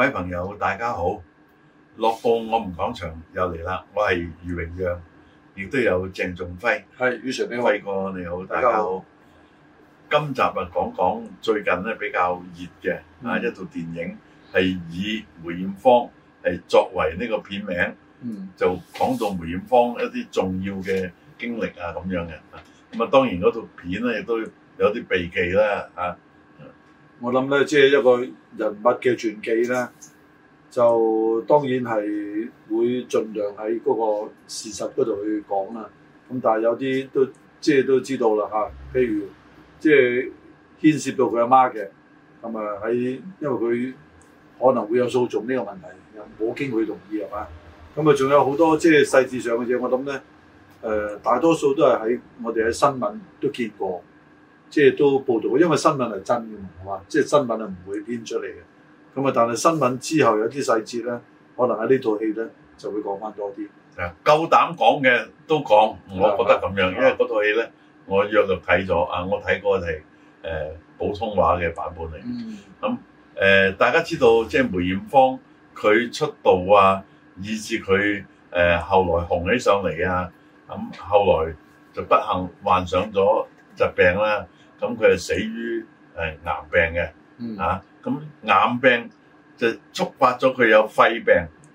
各位朋友，大家好！樂報我們講場又嚟啦，我係余榮陽，亦都有鄭仲輝，係余 Sir，輝哥，你好，大家好。家好今集啊，講講最近咧比較熱嘅啊，一套電影係以梅艷芳係作為呢個片名，嗯，就講到梅艷芳一啲重要嘅經歷啊咁樣嘅，咁啊，當然嗰套片咧亦都有啲避忌啦，啊。我諗咧，即係一個人物嘅傳記咧，就當然係會盡量喺嗰個事實嗰度去講啦。咁但係有啲都即係都知道啦嚇，啊，譬如即係牽涉到佢阿媽嘅，咁啊喺因為佢可能會有訴訟呢個問題，冇經佢同意係嘛？咁啊，仲有好多即係細節上嘅嘢，我諗咧，誒大多數都係喺我哋喺新聞都見過。即係都報導，因為新聞係真嘅嘛，係嘛？即係新聞係唔會編出嚟嘅。咁啊，但係新聞之後有啲細節咧，可能喺呢套戲咧就會講翻多啲。嗱，夠膽講嘅都講，我覺得咁樣，因為嗰套戲咧，我約就睇咗啊，我睇嗰個係誒普通話嘅版本嚟。咁、嗯、誒、嗯呃，大家知道即係梅艷芳佢出道啊，以至佢誒、呃、後來紅起上嚟啊，咁、嗯、後來就不幸患上咗疾病啦。咁佢係死於誒癌病嘅嚇，咁、嗯啊、癌病就觸發咗佢有肺病，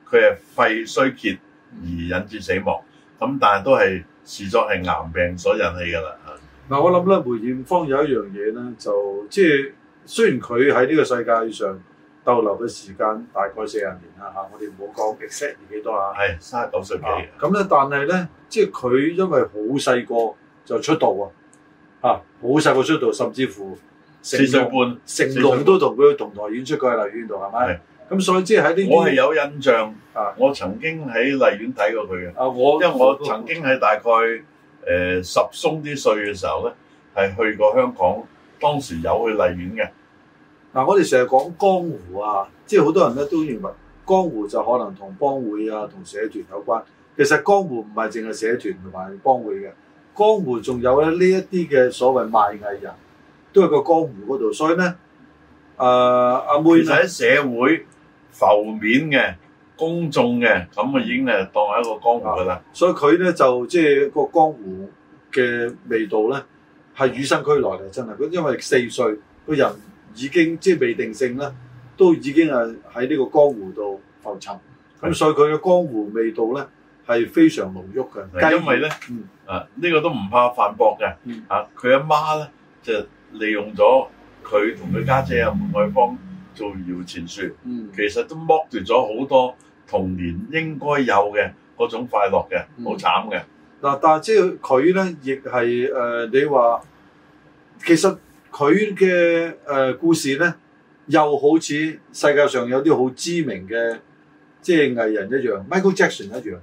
佢係肺衰竭而引致死亡。咁、嗯、但係都係視咗係癌病所引起噶啦嚇，嗱，我諗咧梅艷芳有一樣嘢咧，就即係雖然佢喺呢個世界上逗留嘅時間大概四十年啦嚇，我哋唔好講 exact 年幾多嚇，係三十九歲幾啊。咁咧，但係咧，即係佢因為好細個就出道啊。啊！好細個出道，甚至乎四歲半，成龍都同佢同台演出過喺荔園度，係咪？咁所以即係喺呢邊，我係有印象。啊，我曾經喺荔園睇過佢嘅。啊，我因為我曾經喺大概、呃、十鬆啲歲嘅時候咧，係去過香港，當時有去荔園嘅。嗱、啊，我哋成日講江湖啊，即係好多人咧都認為江湖就可能同幫會啊、同社團有關。其實江湖唔係淨係社團同埋幫會嘅。江湖仲有咧呢一啲嘅所謂賣藝人，都喺個江湖嗰度，所以咧，誒、呃、阿妹，妹其實喺社會浮面嘅公眾嘅，咁啊已經誒當係一個江湖噶啦。所以佢咧就即係個江湖嘅味道咧，係與生俱來嘅，真係。佢因為四歲個人已經即係未定性呢，都已經誒喺呢個江湖度浮沉，咁所以佢嘅江湖味道咧係非常濃郁嘅，因為咧，嗯。啊！呢、這個都唔怕反駁嘅。啊，佢阿媽咧就利用咗佢同佢家姐啊，嗯、梅愛芳做搖錢樹。其實都剝奪咗好多童年應該有嘅嗰種快樂嘅，好慘嘅。嗱，但係即係佢咧，亦係誒，你話其實佢嘅誒故事咧，又好似世界上有啲好知名嘅即係藝人一樣，Michael Jackson 一樣，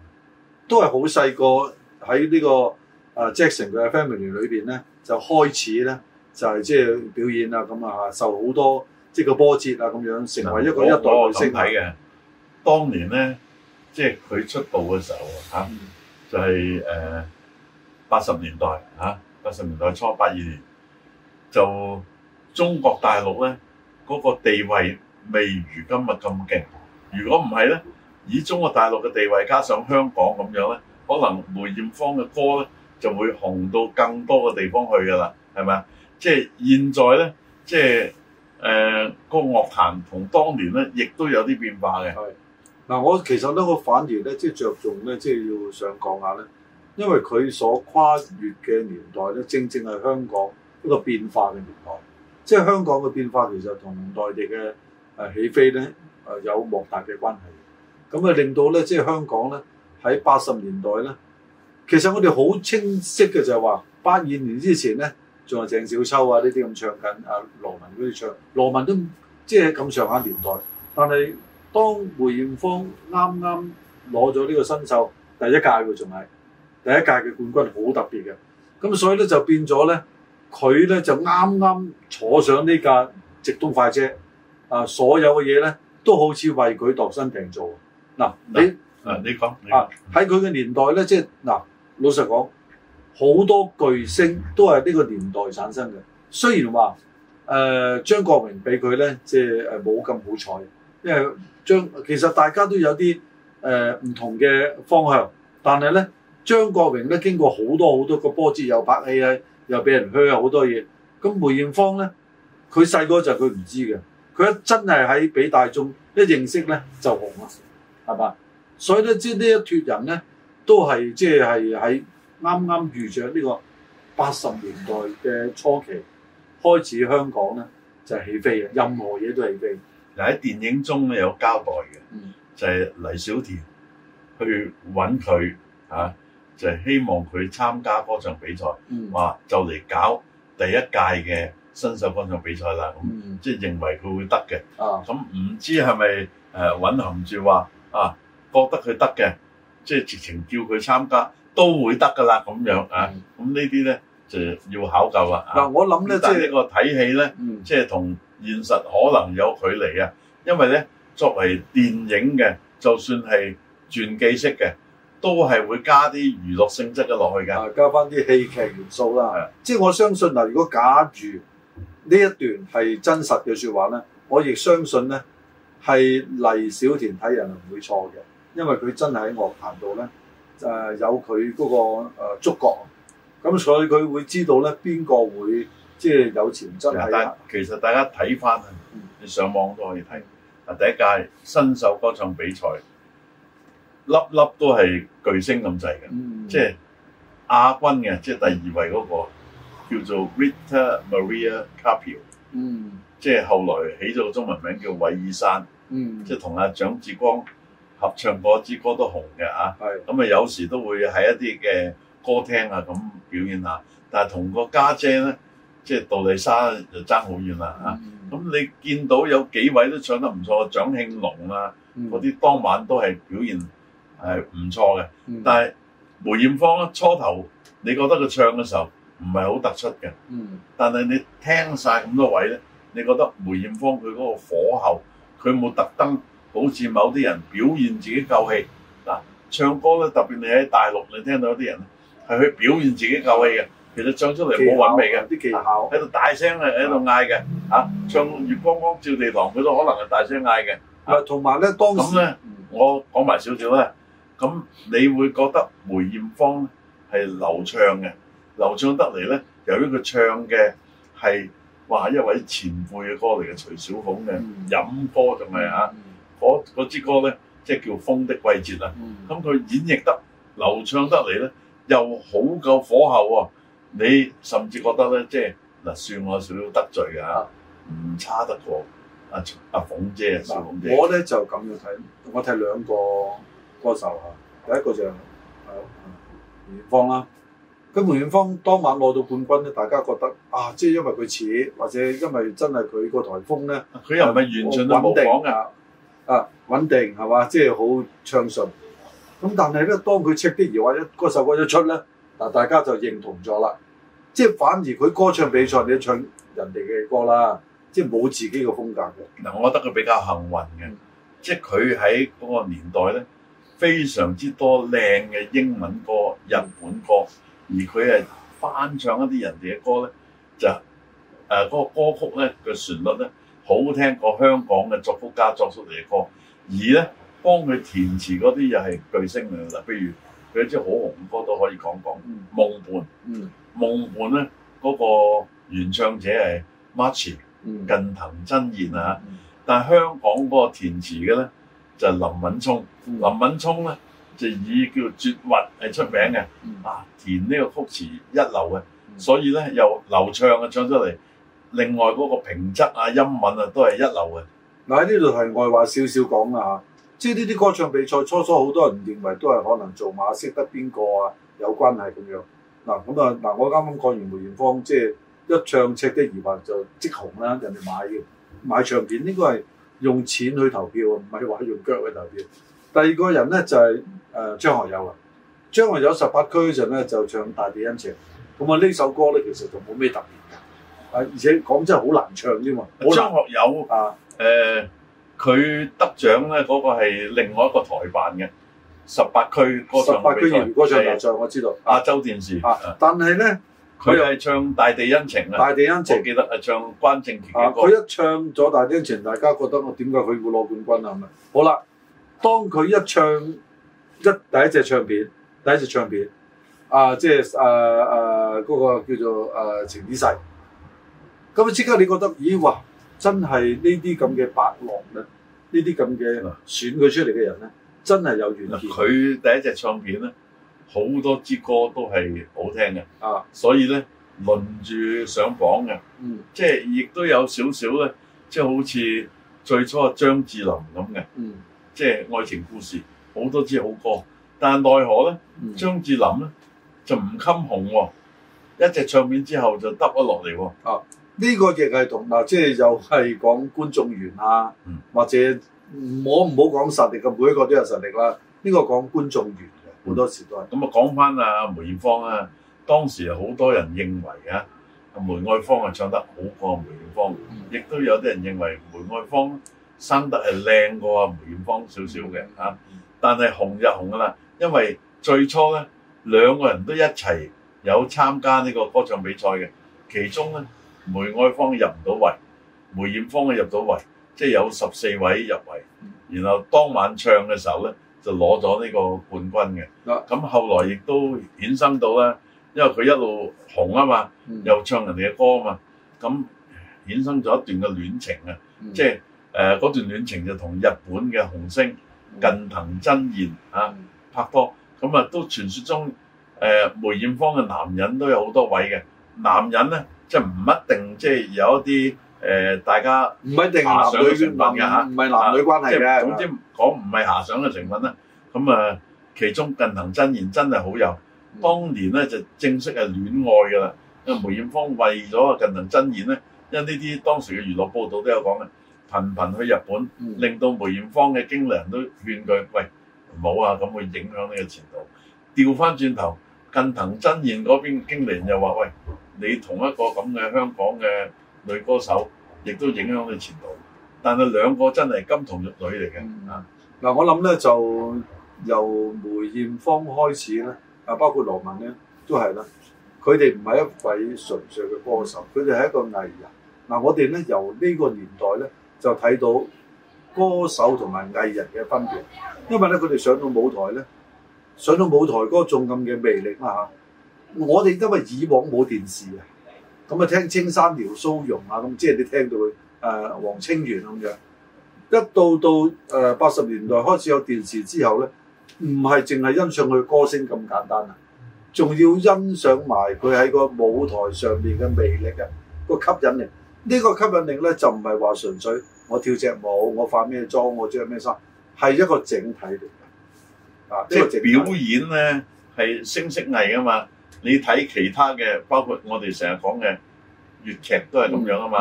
都係好細個。喺呢個 Jackson 嘅 family 團裏面咧，就開始咧就係即係表演啊，咁啊受好多即係個波折啊，咁樣成為一個一代巨星。當年咧，即係佢出道嘅時候就係誒八十年代啊，八十年代初八二年，就中國大陸咧嗰個地位未如今日咁勁。如果唔係咧，以中國大陸嘅地位加上香港咁樣咧。可能梅艷芳嘅歌咧就會紅到更多嘅地方去㗎啦，係咪啊？即係現在咧，即係誒個樂壇同當年咧，亦都有啲變化嘅。係嗱、啊，我其實咧我反而咧，即係着重咧，即係要上講下咧，因為佢所跨越嘅年代咧，正正係香港一個變化嘅年代。即係香港嘅變化其實同內地嘅誒起飛咧誒有莫大嘅關係。咁啊令到咧，即係香港咧。喺八十年代咧，其實我哋好清晰嘅就係話八二年之前咧，仲有鄭少秋啊呢啲咁唱緊，阿羅文嗰啲唱，羅、啊、文，文都即係咁上下年代。但係當梅艷芳啱啱攞咗呢個新秀第一屆嘅，仲係第一屆嘅冠軍很特別的，好特別嘅。咁所以咧就變咗咧，佢咧就啱啱坐上呢架直通快車，啊所有嘅嘢咧都好似為佢度身訂做。嗱、啊、你。嗯誒，你講啊！喺佢嘅年代咧，即係嗱，老實講，好多巨星都係呢個年代產生嘅。雖然話誒、呃、張國榮俾佢咧，即係冇咁好彩，因為張其實大家都有啲誒唔同嘅方向，但係咧張國榮咧經過好多好多個波折，又白戲啊，又俾人噓啊，好多嘢。咁梅艷芳咧，佢細個就佢唔知嘅，佢一真係喺俾大眾一認識咧就紅啦，係嘛？所以咧，呢一撮人咧，都係即係喺啱啱遇著呢個八十年代嘅初期開始香港咧就起飛嘅，任何嘢都起飛嘅。嗱，喺電影中咧有交代嘅、嗯，就係、是、黎小田去揾佢、啊、就就是、希望佢參加歌唱比賽，嗯啊、就嚟搞第一屆嘅新秀歌唱比賽啦。咁、嗯、即認為佢會得嘅，咁唔知係咪誒揾含住話啊？覺得佢得嘅，即係直情叫佢參加都會得噶啦咁樣、嗯、啊！咁呢啲咧就要考究啦。嗱、嗯，我諗咧、嗯，即係呢個睇戲咧，即係同現實可能有距離啊。因為咧，作為電影嘅，就算係傳記式嘅，都係會加啲娛樂性質嘅落去嘅，加翻啲戲劇元素啦。即係我相信嗱，如果假如呢一段係真實嘅說話咧，我亦相信咧，係黎小田睇人係唔會錯嘅。因為佢真係喺樂壇度咧，誒有佢嗰個誒觸覺，咁所以佢會知道咧，邊個會即係有潛質喺度。但係其實大家睇翻、嗯，你上網都可以睇。啊，第一屆新秀歌唱比賽，粒粒都係巨星咁滯嘅，即係亞軍嘅，即係第二位嗰個叫做 Rita Maria Capio，嗯，即係後來起咗個中文名叫韋爾山，嗯，即係同阿蔣志光。合唱嗰支歌都紅嘅啊，咁啊有時都會喺一啲嘅歌廳啊咁表演下，但係同個家姐呢，即係杜麗莎就爭好遠啦吓，咁你見到有幾位都唱得唔錯，蔣慶龍啊，嗰啲當晚都係表現係唔錯嘅，但係梅艷芳呢，初頭，你覺得佢唱嘅時候唔係好突出嘅，但係你聽晒咁多位呢，你覺得梅艷芳佢嗰個火候，佢冇特登。好似某啲人表現自己夠氣嗱，唱歌咧特別你喺大陸，你聽到啲人係去表現自己夠氣嘅，其實唱出嚟冇韻味嘅，啲技巧喺度大聲嘅喺度嗌嘅嚇，唱月光光照地堂佢都可能係大聲嗌嘅。同埋咧，當時咧、嗯、我講埋少少咧，咁你會覺得梅艷芳係流暢嘅，流暢得呢唱得嚟咧，由於佢唱嘅係哇一位前輩嘅歌嚟嘅，徐小鳳嘅、嗯、飲歌同、就、埋、是。嚇、啊。嗰支歌咧，即係叫《風的季節》啊，咁、嗯、佢演繹得流暢得嚟咧，又好夠火候喎、啊。你甚至覺得咧，即係嗱，算我少少得罪㗎、啊，唔、嗯、差得過阿阿、啊啊、鳳姐啊，小鳳姐。我咧就咁樣睇，我睇兩個歌手啊，第一個就梅艷芳啦。咁梅艷芳當晚攞到冠軍咧，大家覺得啊，即、就、係、是、因為佢似，或者因為真係佢個台風咧，佢、啊啊、又唔係完全都穩定㗎。啊。啊，穩定係嘛，即係好暢順。咁、就是、但係咧，當佢 check 啲而或者嗰首歌一出咧，嗱大家就認同咗啦。即、就是、反而佢歌唱比賽，你唱，唱人哋嘅歌啦，即係冇自己嘅風格嘅。嗱，我覺得佢比較幸運嘅，即係佢喺嗰個年代咧，非常之多靚嘅英文歌、日本歌，而佢係翻唱一啲人哋嘅歌咧，就誒、是、嗰、呃嗰個歌曲咧嘅、那個、旋律咧。好聽過香港嘅作曲家作出嚟嘅歌，而咧幫佢填詞嗰啲又係巨星嚟㗎啦。譬如佢一支好紅嘅歌都可以講講，嗯《夢伴》嗯。《夢伴呢》咧、那、嗰個原唱者係 Matchy 近藤真彥啊，嗯、但香港嗰個填詞嘅咧就係、林敏聰。嗯、林敏聰咧就以叫絕韻係出名嘅、嗯，啊填呢個曲詞一流嘅、嗯，所以咧又流暢啊，唱出嚟。另外嗰個評質啊、音韻啊都係一流嘅。嗱喺呢度係外話少少講啊，即係呢啲歌唱比賽初初好多人認為都係可能做馬識得邊個啊有關係咁樣。嗱咁啊嗱、啊啊，我啱啱講完梅艷芳，即係一唱《赤的疑惑》就即紅啦，人哋買嘅買唱片應該係用錢去投票，唔係話用腳去投票。第二個人咧就係誒張學友啦。張學友十八區陣咧就唱《大地恩情》，咁啊呢首歌咧其實就冇咩特別。啊！而且講真係好難唱啫嘛。張學友啊，誒、呃，佢得獎咧，嗰、那個係另外一個台辦嘅十八區歌唱比賽，我知道。亞洲電視。啊、但係咧，佢又係唱大地恩情《大地恩情》咧，啊《他一唱了大地恩情》記得啊，唱關正傑嘅歌。佢一唱咗《大地恩情》，大家覺得我點解佢會攞冠軍啊？係咪？好啦，當佢一唱一第一隻唱片，第一隻唱片啊，即、就、係、是、啊啊嗰、那個叫做啊情已逝》。咁即刻你覺得，咦哇！真係呢啲咁嘅伯樂咧，呢啲咁嘅選佢出嚟嘅人咧、啊，真係有遠見。佢、啊、第一隻唱片咧，好多支歌都係好聽嘅。啊，所以咧，輪住上榜嘅，嗯，即係亦都有少少咧，即係好似最初阿張智霖咁嘅，嗯，即係愛情故事，好多支好歌，但係奈何咧、嗯，張智霖咧就唔襟紅喎，一隻唱片之後就耷咗落嚟喎。啊！呢個亦係同嗱，即係又係講觀眾緣啊，或者我唔好講實力嘅，每一個都有實力啦。呢個講觀眾緣嘅，好多時都係咁啊！講翻阿梅艷芳啊，當時好多人認為啊，梅愛芳係唱得好過梅艷芳，亦都有啲人認為梅愛芳生得係靚過梅艷芳少少嘅啊。但係紅就紅噶啦，因為最初咧兩個人都一齊有參加呢個歌唱比賽嘅，其中咧。梅愛芳入唔到圍，梅艷芳入到圍，即係有十四位入圍。然後當晚唱嘅時候咧，就攞咗呢個冠軍嘅。咁後來亦都衍生到啦，因為佢一路紅啊嘛，又唱人哋嘅歌啊嘛，咁衍生咗一段嘅戀情啊、嗯。即係誒嗰段戀情就同日本嘅紅星近藤真彥啊拍拖，咁啊都傳説中誒、呃、梅艷芳嘅男人都有好多位嘅男人咧。即係唔一定，即係有一啲誒、呃，大家唔一定係男女戀，唔係男女關係嘅。總之講唔係遐想嘅成分啦。咁、嗯、啊，其中近藤真彥真係好有。當年咧就正式係戀愛㗎啦、嗯。因為梅艷芳為咗近藤真彥咧，因為呢啲當時嘅娛樂報道都有講嘅，頻頻去日本，嗯、令到梅艷芳嘅經理人都勸佢：喂，冇啊，咁會影響你嘅前途。調翻轉頭，近藤真彥嗰邊嘅經理人又話、嗯：喂。你同一個咁嘅香港嘅女歌手，亦都影響佢前途。但係兩個真係金童玉女嚟嘅啊！嗱、嗯嗯，我諗咧就由梅艷芳開始咧，啊，包括羅文咧都係啦。佢哋唔係一位純粹嘅歌手，佢哋係一個藝人。嗱、嗯，我哋咧由呢個年代咧就睇到歌手同埋藝人嘅分別，因為咧佢哋上到舞台咧，上到舞台嗰種咁嘅魅力啦、啊、嚇。我哋因為以往冇電視啊，咁啊聽青山、遼蘇容啊，咁即係你聽到佢誒黃清源咁樣。一到到誒八十年代開始有電視之後咧，唔係淨係欣賞佢歌聲咁簡單啊，仲要欣賞埋佢喺個舞台上面嘅魅力啊，個吸引力。呢個吸引力咧就唔係話純粹我跳隻舞，我化咩妝，我着咩衫，係一個整體嚟嘅。啊，即係表演咧係聲色藝啊嘛。你睇其他嘅，包括我哋成日講嘅粵劇都係咁樣啊嘛。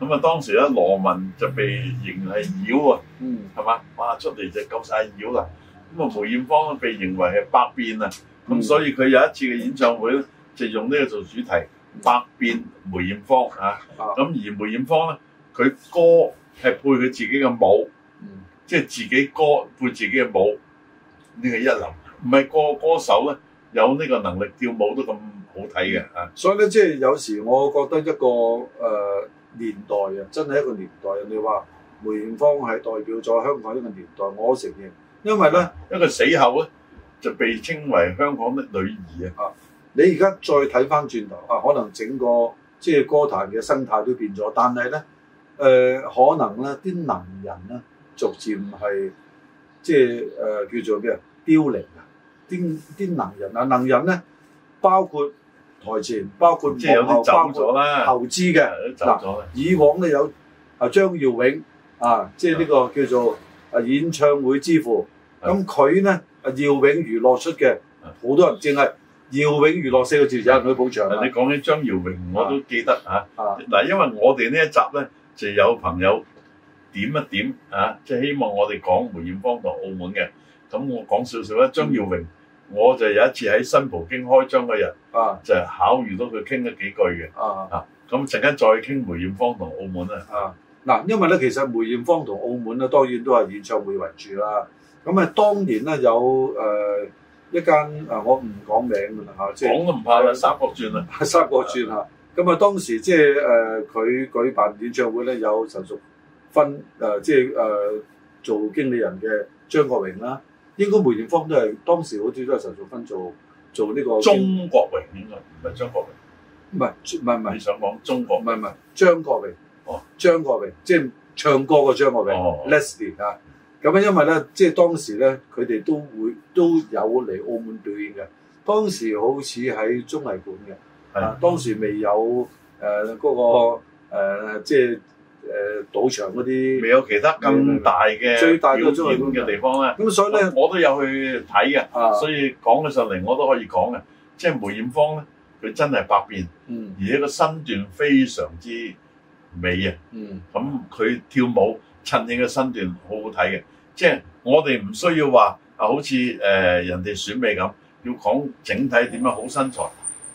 咁、嗯、啊、嗯、當時咧，羅文就被認為係妖啊，係、嗯、嘛？哇出嚟就夠晒妖啦。咁啊，梅艷芳被認為係百變啊。咁所以佢有一次嘅演唱會咧，就用呢個做主題，百變梅艷芳啊。咁、嗯、而梅艷芳咧，佢歌係配佢自己嘅舞、嗯，即係自己歌配自己嘅舞，呢、這個一流。唔係個個歌手咧。有呢個能力，跳舞都咁好睇嘅啊！所以咧，即係有時我覺得一個誒年代啊，真係一個年代。人哋話梅艷芳係代表咗香港一個年代，我承認。因為咧，一個死後咧，就被稱為香港嘅女兒啊，你而家再睇翻轉頭啊，可能整個即係歌壇嘅生態都變咗，但係咧誒，可能咧啲能人咧逐漸係即係誒叫做咩啊，凋零。啲啲能人啊，能人咧包括台前，包括即幕後，有包啦，投資嘅。嗱，以往咧有啊張耀榮、嗯、啊，即係呢個叫做啊演唱會之父。咁佢咧啊耀榮娛樂出嘅，好多人淨係。耀榮娛樂、嗯、四個字就係佢補場。你講起張耀榮，我都記得嚇。嗱、嗯啊，因為我哋呢一集咧就有朋友點一點啊，即、就、係、是、希望我哋講梅艷芳同澳門嘅。咁我講少少啦，張耀榮。嗯我就有一次喺新葡京開張嗰日，就巧遇到佢傾咗幾句嘅。啊，咁陣間再傾梅艷芳同澳門啦。啊，嗱，因為咧其實梅艷芳同澳門咧，當然都係演唱會為主啦。咁、呃、啊，當年咧有誒一間啊，我唔講名㗎啦嚇，講都唔怕啦，三個轉啦，三個轉嚇。咁啊，啊當時即係誒佢舉辦演唱會咧，有陳淑芬，誒、呃，即係誒做經理人嘅張國榮啦。應該梅艷芳都係當時好似都係陳淑芬做做呢、呢個。中國榮應該唔係張國榮，唔係唔係唔係你想講中國榮，唔、唔係張國榮。哦，張國榮即係唱歌個張國榮、哦、Leslie 啊。咁因為咧，即係當時咧，佢哋都會都有嚟澳門表演嘅。當時好似喺綜藝館嘅、啊，當時未有誒嗰、呃嗰個即、呃、即。.誒、呃、賭場嗰啲未有其他更大嘅最大嘅表演嘅地方，咁所以咧我，我都有去睇嘅、啊，所以講起上嚟我都可以講嘅。即、就、係、是、梅艷芳咧，佢真係百變，嗯、而且個身段非常之美啊！咁、嗯、佢、嗯、跳舞趁你個身段好好睇嘅。即、就、係、是、我哋唔需要話啊，好似誒、呃、人哋選美咁，要講整體點樣好身材。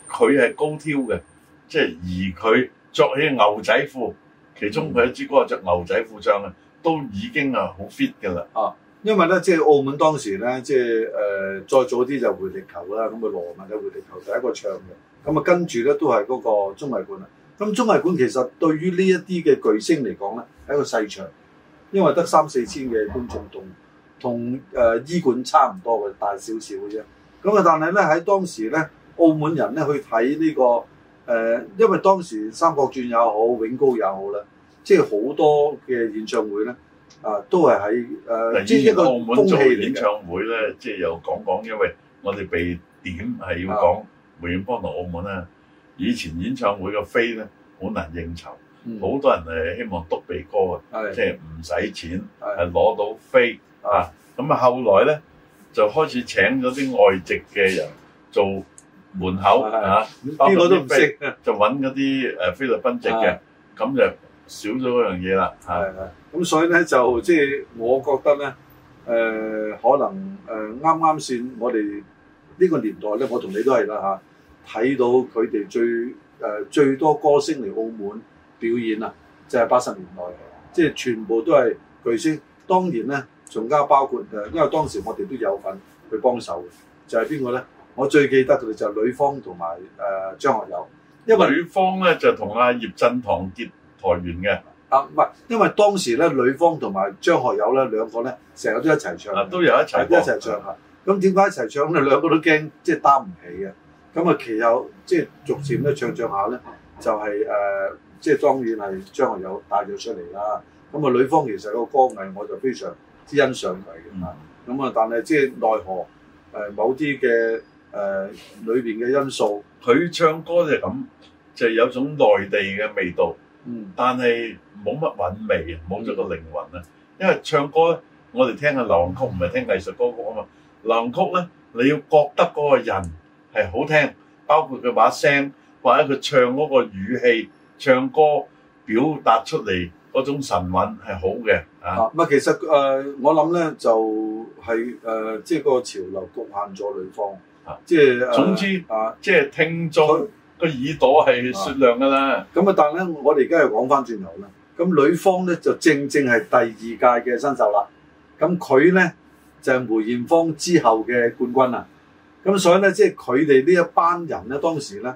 佢係高挑嘅，即、就、係、是、而佢着起牛仔褲。其中佢一支歌《只、那個、牛仔褲上》咧，都已經啊好 fit 㗎啦啊！因為咧，即係澳門當時咧，即係誒、呃、再早啲就回力球啦，咁啊羅文嘅回力球第一個唱嘅，咁啊跟住咧都係嗰個綜藝館啦。咁綜藝館其實對於呢一啲嘅巨星嚟講咧，係一個細場，因為得三四千嘅觀眾同同誒醫館差唔多嘅，大少少嘅啫。咁啊，但係咧喺當時咧，澳門人咧去睇呢、這個。誒、呃，因為當時《三國傳》也好，《永高》也好啦，即係好多嘅演唱會咧，啊、呃，都係喺誒。你之前喺澳門做演唱會咧，即係又講講，因為我哋被點係要講梅艷芳同澳門啦。以前演唱會嘅飛咧好難應酬，好、嗯、多人係希望篤鼻哥、嗯嗯、啊，即係唔使錢，係攞到飛啊。咁啊，後來咧就開始請咗啲外籍嘅人做。門口嚇，邊個都唔識啊！就揾嗰啲誒菲律賓籍嘅，咁就少咗嗰樣嘢啦。係係，咁所以咧就即係、就是、我覺得咧，誒、呃、可能誒啱啱先。呃、剛剛我哋呢個年代咧，我同你都係啦吓，睇、啊、到佢哋最誒、呃、最多歌星嚟澳門表演啊，就係八十年代，即、就、係、是、全部都係巨星。當然咧，仲加包括誒，因為當時我哋都有份去幫手嘅，就係邊個咧？我最記得嘅就係呂方同埋誒張學友，因為呂方咧就同阿、啊、葉振棠結台緣嘅。啊，唔係，因為當時咧呂方同埋張學友咧兩個咧成日都一齊唱、啊。都有一齊一齊唱。咁點解一齊唱？咁啊兩個都驚，即係擔唔起嘅。咁啊，其後即係逐漸咧唱唱下咧、嗯，就係、是、誒，即、呃、係、就是、當然係張學友帶咗出嚟啦。咁啊，呂方其實個歌藝我就非常之欣賞佢嘅嘛。咁、嗯、啊，但係即係奈何誒、呃、某啲嘅。誒、呃、裏面嘅因素，佢唱歌就咁，就是、有種內地嘅味道。嗯，但係冇乜韻味，冇咗個靈魂啊、嗯。因為唱歌，我哋聽下流行曲，唔係聽藝術歌曲啊嘛。流行曲咧，你要覺得嗰個人係好聽，包括佢把聲或者佢唱嗰個語氣、唱歌表達出嚟嗰種神韻係好嘅啊、啊。其實誒、呃，我諗咧就係誒，即係、呃就是、個潮流局限咗女方。即係，總之啊，即係聽眾個耳朵係雪亮噶啦。咁啊，啊，但係咧，我哋而家又講翻轉頭啦。咁呂方咧就正正係第二屆嘅新秀啦。咁佢咧就係、是、梅艷芳之後嘅冠軍啦，咁所以咧，即係佢哋呢一班人咧，當時咧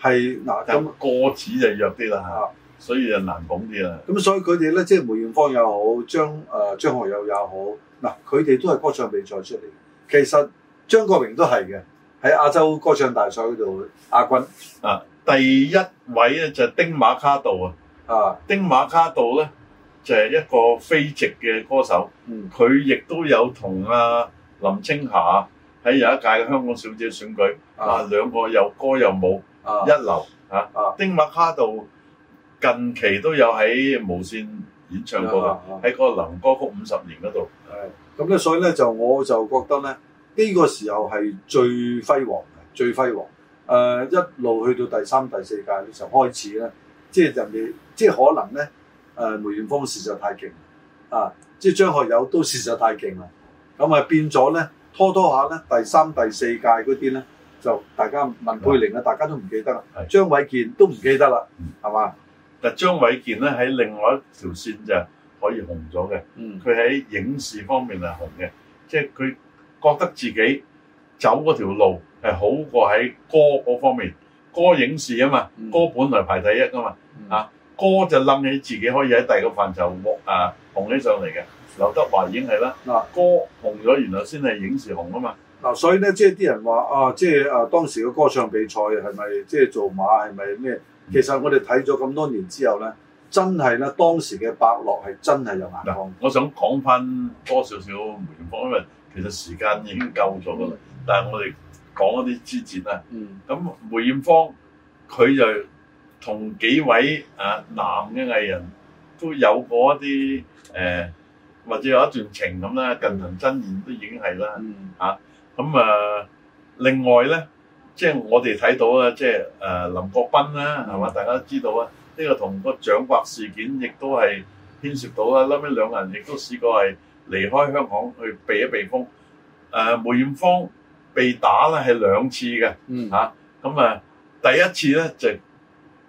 係嗱，咁個子就弱啲啦，吓、啊，所以就難講啲啦。咁、啊、所以佢哋咧，即係梅艷芳又好，張誒張學友又好，嗱、啊，佢哋都係歌唱比賽出嚟，其實。張國榮都係嘅，喺亞洲歌唱大賽嗰度亞軍啊！第一位咧就係丁馬卡道啊！啊，丁馬卡道咧就係一個菲籍嘅歌手，佢、嗯、亦都有同阿林青霞喺有一屆嘅香港小姐選舉啊，啊，兩個又歌又舞，啊、一流啊，啊！丁馬卡道近期都有喺無線演唱過，喺、啊啊、個流行歌曲五十年嗰度，咁、啊、咧、啊、所以咧就我就覺得咧。呢、這個時候係最輝煌嘅，最輝煌。誒、呃、一路去到第三、第四屆嘅時候開始咧，即係人哋，即係可能咧，誒、呃、梅艷芳事實太勁啊，即係張學友都事實太勁啦。咁啊變咗咧，拖拖下咧，第三、第四屆嗰啲咧，就大家文佩玲啦，大家都唔記得啦，張衛健都唔記得啦，係嘛？但張衛健咧喺另外一條線就可以紅咗嘅，佢、嗯、喺影視方面係紅嘅，即係佢。覺得自己走嗰條路係好過喺歌嗰方面，歌影視啊嘛、嗯，歌本來排第一噶嘛，嗯、啊歌就冧起自己可以喺第二個範疇誒紅起上嚟嘅，劉德華已經係啦。嗱、啊、歌紅咗，原來先係影視紅啊嘛。嗱、啊、所以咧，即係啲人話啊，即係誒、啊、當時嘅歌唱比賽係咪即係做馬係咪咩？其實我哋睇咗咁多年之後咧，真係咧當時嘅伯樂係真係有眼光、啊。我想講翻多少少梅艷芳，因為。其實時間已經夠咗噶啦，但係我哋講一啲之前啦，咁、嗯、梅艷芳佢就同幾位啊男嘅藝人都有過一啲誒、呃、或者有一段情咁啦、嗯，近藤真彥都已經係啦、嗯，啊咁啊另外咧，即、就、係、是、我哋睇到啊，即係誒林國斌啦，係嘛、嗯？大家都知道啊，呢、這個同個掌摑事件亦都係牽涉到啦，後尾兩人亦都試過係。離開香港去避一避風，誒、呃，梅艷芳被打咧係兩次嘅，嚇、嗯，咁啊、嗯，第一次咧就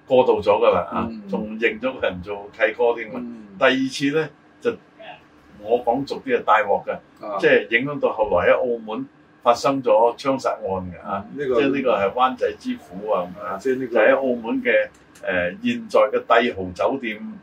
過度咗噶啦，啊，仲、嗯、認咗個人做契哥添、嗯、第二次咧就我講俗啲就大鑊嘅，即係影響到後來喺澳門發生咗槍殺案嘅、嗯，這個，啊，即係呢個係灣仔之虎啊，即、嗯、呢就喺、是、澳門嘅誒、呃、現在嘅帝豪酒店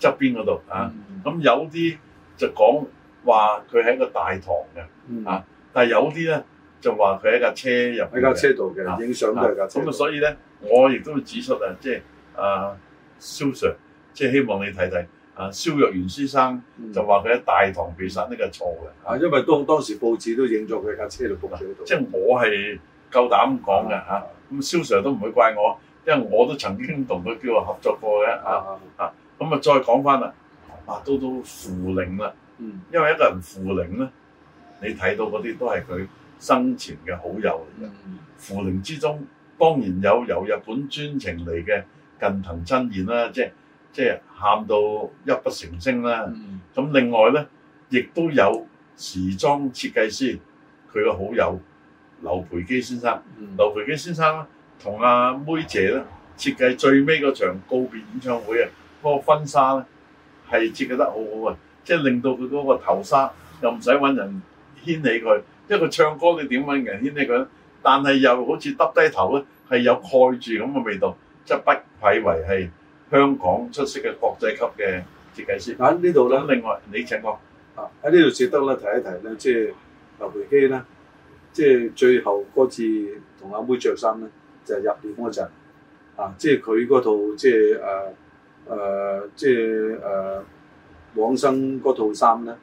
側邊嗰度啊，咁、嗯嗯、有啲。就講話佢喺個大堂嘅、嗯，啊！但係有啲咧就話佢喺架車入，喺架車度嘅影相架嘅咁啊！所以咧、嗯，我亦都會指出、即係、啊，即係啊蕭 sir，即係希望你睇睇啊蕭若元先生就話佢喺大堂被殺呢、呢個錯嘅、嗯、啊，因為都好多時報紙都影咗佢架車度嘅、啊。即、啊、係、即係、我係夠膽講嘅嚇，咁、啊、蕭、啊、sir 都唔會怪我，因為我都曾經同佢叫合作過嘅啊啊！咁啊，啊啊再講翻啦。啊！都都扶靈啦，因為一個人扶靈咧，你睇到嗰啲都係佢生前嘅好友嚟嘅。扶、嗯、靈之中當然有由日本專程嚟嘅近藤真彦啦，即即喊到泣不成聲啦。咁、嗯、另外咧，亦都有時裝設計師佢嘅好友劉培基先生、嗯。劉培基先生咧，同阿、啊、妹姐咧設計最尾嗰場告別演唱會啊，嗰、那個婚紗咧。係設計得好好啊！即係令到佢嗰個頭紗又唔使揾人掀起佢，即係佢唱歌你點揾人掀起佢？但係又好似耷低頭咧，係有蓋住咁嘅味道，即係不愧為係香港出色嘅國際級嘅設計師。喺呢度咧，另外，你請我，啊！喺呢度值得咧提一提咧，即係劉培基咧，即係最後嗰次同阿妹着衫咧，就係入殮嗰陣啊，即係佢嗰套即係誒。就是啊誒、呃，即係誒、呃，往生嗰套衫咧，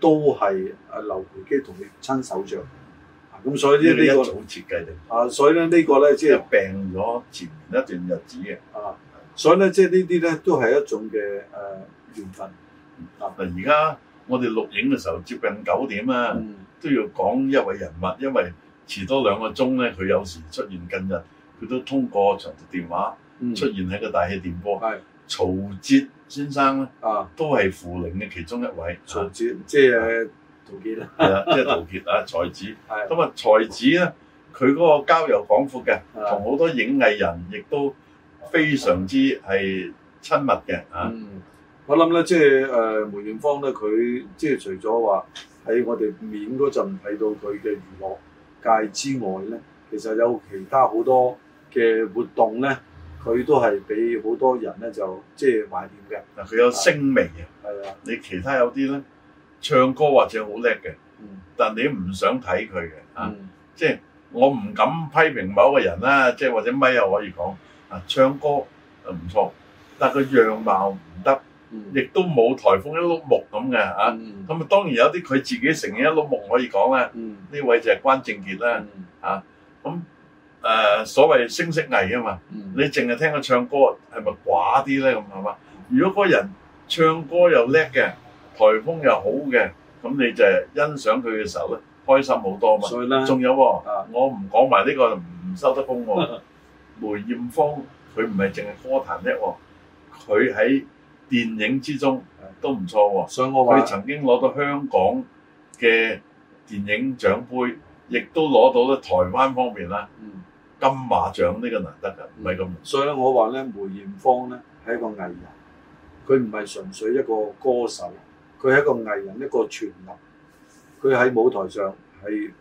都係阿劉培基同佢親手著。咁、嗯、所以咧、這、呢個好設計嘅，啊，所以咧呢個咧即係病咗前面一段日子嘅。啊，所以咧即係呢啲咧都係一種嘅誒緣分。嗱、呃，而、嗯、家、嗯、我哋錄影嘅時候接近九點啦、啊嗯，都要講一位人物，因為遲多兩個鐘咧，佢有時出現近日，佢都通過長途電話、嗯、出現喺個大氣電波。嗯。曹哲先生咧，啊，都係扶靈嘅其中一位。曹哲即係陶傑啦，係、啊、啦，即係陶傑啊，啊 才子。係。 咁 啊，才子咧，佢嗰個交遊廣闊嘅，同好多影藝人亦、啊、都非常之係親密嘅啊、嗯。嗯。我諗咧，即係誒梅艷芳咧，佢、呃、即係除咗話喺我哋面嗰陣睇到佢嘅娛樂界之外咧，其實有其他好多嘅活動咧。佢都係俾好多人咧，就即係懷念嘅。嗱，佢有聲味啊。係啊，你其他有啲咧唱歌或者好叻嘅，但你唔想睇佢嘅啊。即係我唔敢批評某個人啦，即係或者咪又可以講啊，唱歌唔錯，但佢樣貌唔得，亦都冇台風一碌木咁嘅咁啊、嗯，當然有啲佢自己承認一碌木可以講啦。呢、嗯、位就係關正傑啦。咁、嗯。啊誒，所謂聲色藝啊嘛，你淨係聽佢唱歌，係咪寡啲咧，咁係嘛？如果個人唱歌又叻嘅，台風又好嘅，咁你就係欣賞佢嘅時候咧，開心好多嘛。仲有喎，我唔講埋呢個唔收得工喎。梅艷芳佢唔係淨係歌壇叻，佢喺電影之中都唔錯喎。佢曾經攞到香港嘅電影獎杯，亦都攞到咗台灣方面啦。金馬獎呢個難得㗎，唔係咁容易。所以咧，我話咧，梅艷芳咧係一個藝人，佢唔係純粹一個歌手，佢係一個藝人，一個全能。佢喺舞台上係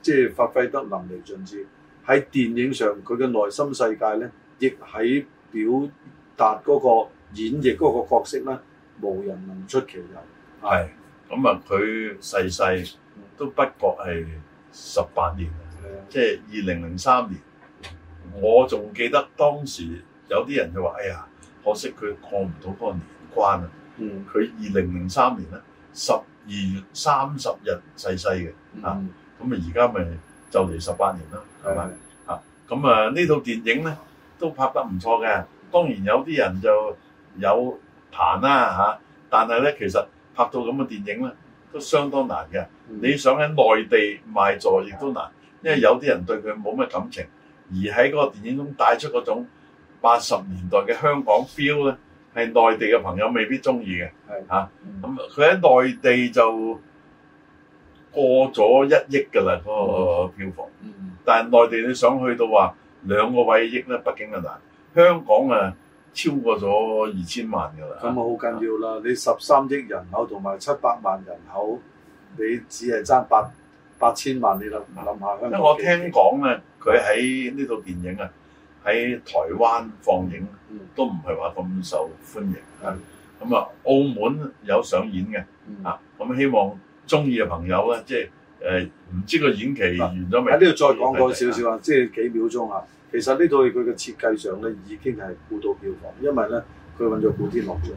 即係發揮得淋漓盡致，喺電影上佢嘅內心世界咧，亦喺表達嗰個演繹嗰個角色咧，無人能出其右。係咁啊！佢逝世都不過係十八年，即係二零零三年。我仲記得當時有啲人就話，哎呀，可惜佢過唔到嗰個年關啊、嗯，佢2003年12，逝世，嗯、啊！佢二零零三年咧十二月三十日逝世嘅，嚇咁啊！而家咪就嚟十八年啦，係咪？嚇咁啊！呢套電影咧都拍得唔錯嘅。當然有啲人就有彈啦、啊、嚇、啊，但係咧其實拍到咁嘅電影咧都相當難嘅、嗯。你想喺內地賣座亦都難、嗯，因為有啲人對佢冇乜感情。而喺嗰個電影中帶出嗰種八十年代嘅香港 feel 咧，係內地嘅朋友未必中意嘅。係嚇，咁佢喺內地就過咗一億噶啦嗰個票房。但係內地你想去到話兩個位億咧，畢竟就難。香港啊超過咗二千萬噶啦。咁啊好緊要啦！你十三億人口同埋七百萬人口，你只係爭八八千萬，你諗諗下香港？因為我聽講啊。佢喺呢套電影啊，喺台灣放映都唔係話咁受歡迎咁啊，澳門有上演嘅、嗯、啊。咁希望鍾意嘅朋友咧，即係唔、呃、知個演期完咗未？喺呢度再講多少少啊，即係、就是、幾秒鐘啊。其實呢套佢嘅設計上咧，已經係估到票房，因為咧佢揾咗古天樂做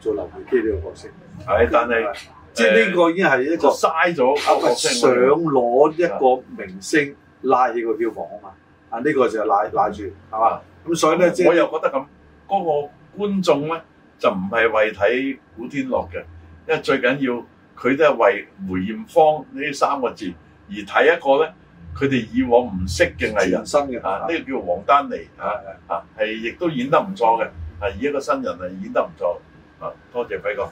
做劉培基呢個角色。係，但係即係呢個已經係一個嘥咗想攞一個明星。拉起個票房啊嘛，啊、這、呢個就係拉，拉住，係嘛？咁、啊、所以咧，我又覺得咁，嗰、那個觀眾咧就唔係為睇古天樂嘅，因為最緊要佢都係為梅艷芳呢三個字而睇一個咧，佢哋以往唔識嘅藝人啊，呢、這個叫王丹妮啊，啊係亦都演得唔錯嘅，而一個新人啊演得唔錯，啊多謝輝哥。